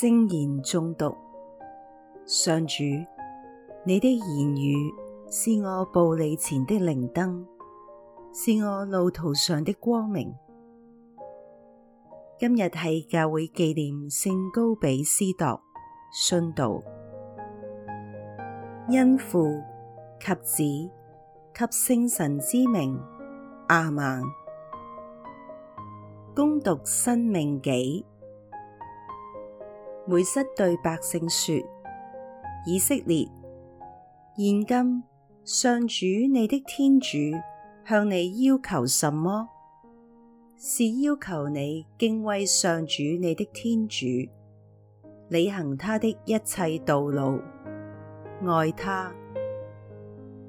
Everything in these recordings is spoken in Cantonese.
聖言誦讀，上主，你的言語是我步履前的靈燈，是我路途上的光明。今日係教會紀念聖高比司鐸殉道。因父及子及聖神之名，阿們。恭讀申命紀。梅瑟對百姓說：以色列，現今上主你的天主向你要求什麼？是要求你敬畏上主你的天主，履行他的一切道路，愛他，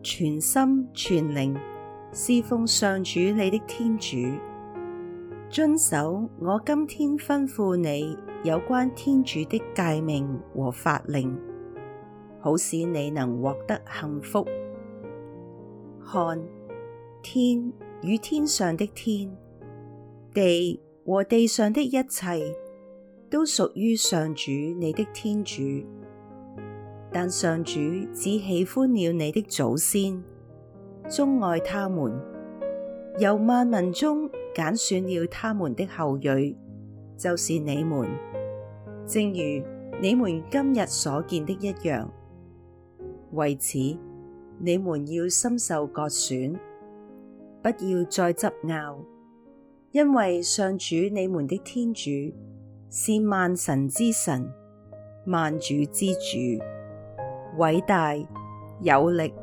全心全靈事奉上主你的天主，遵守我今天吩咐你。有關天主的誡命和法令，好使你能獲得幸福。看，天與天上的天，地和地上的一切，都屬於上主你的天主。但上主只喜歡了你的祖先，鍾愛他們，由萬民中揀選了他們的後裔，就是你們。正如你們今日所見的一樣，為此你們要心受割損，不要再執拗，因為上主你們的天主是萬神之神、萬主之主，偉大有力、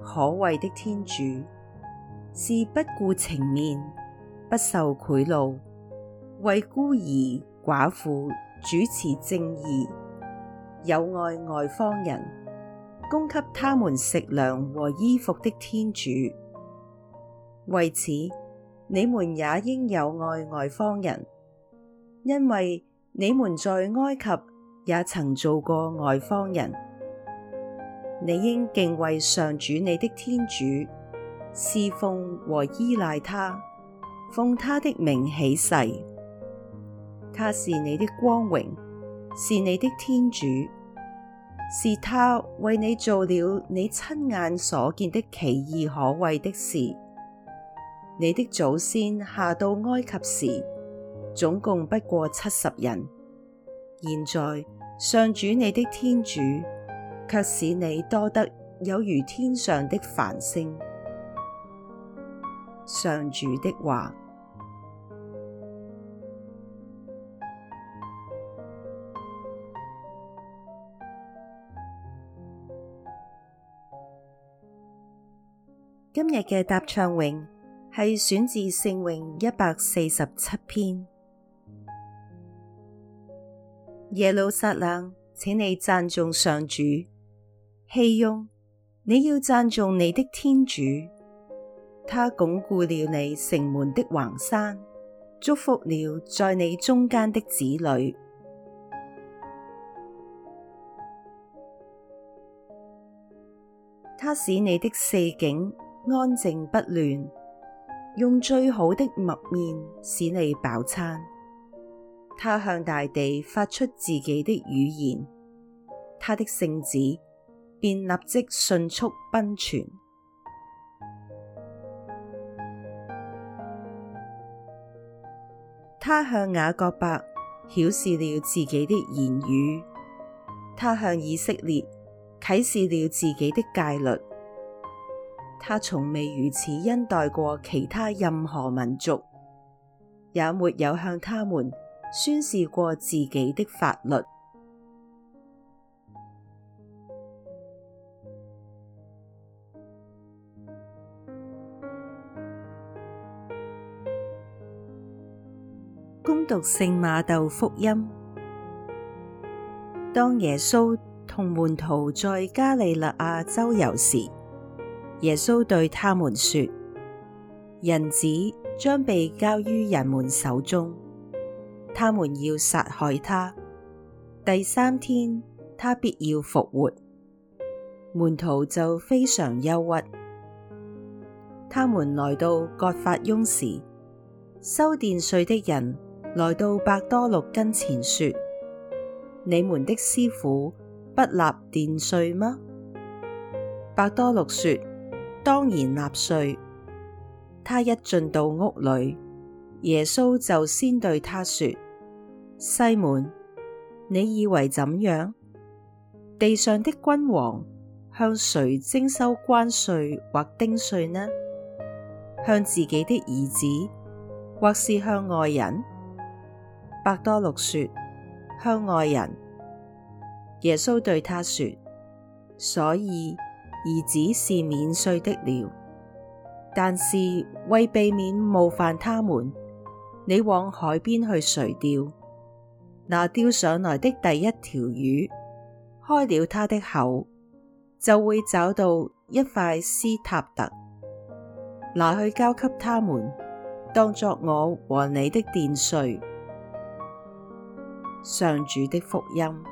可畏的天主，是不顧情面、不受賄賂，為孤兒寡婦。主持正義、友愛外方人、供給他們食糧和衣服的天主，為此你們也應友愛外方人，因為你們在埃及也曾做過外方人。你應敬畏上主你的天主，事奉和依賴他，奉他的名起誓。他是你的光榮，是你的天主，是他為你做了你親眼所見的奇異可畏的事。你的祖先下到埃及時，總共不過七十人，現在上主你的天主却使你多得有如天上的繁星。上主的話。今日嘅答唱詠係選自聖詠一百四十七篇。耶路撒冷，請你讚頌上主，熙雍，你要讚頌你的天主，他鞏固了你城門的橫閂，祝福了在你中間的子女，他使你的四境安靜不亂，用最好的麥麵使你飽餐。他向大地發出自己的語言，他的聖旨便立即迅速奔傳。 他向雅各伯曉示了自己的言語，他向以色列啟示了自己的誡律。他從未如此恩待過其他任何民族，也沒有向他們宣示過自己的法律。恭讀聖馬竇福音，當耶穌同門徒在加里肋亞周遊時。耶穌對他們說：人子將被交於人們手中，他們要殺害他。第三天，他必要復活。門徒就非常憂鬱。他們來到葛法翁時，收殿稅的人來到伯多祿跟前說：你們的師傅不納殿稅嗎？伯多祿說。當然納稅。他一進到屋裏，耶穌就先對他說：西滿，你以為怎樣？地上的君王向誰徵收關稅或丁稅呢？向自己的兒子，或是向外人？伯多祿說：向外人。耶穌對他說：所以。兒子是免稅的了，但是為避免冒犯他們，你往海邊去垂釣，拿釣上來的第一條魚，開了他的口，就會找到一塊斯塔特，拿去交給他們，當作我和你的殿稅。上主的福音。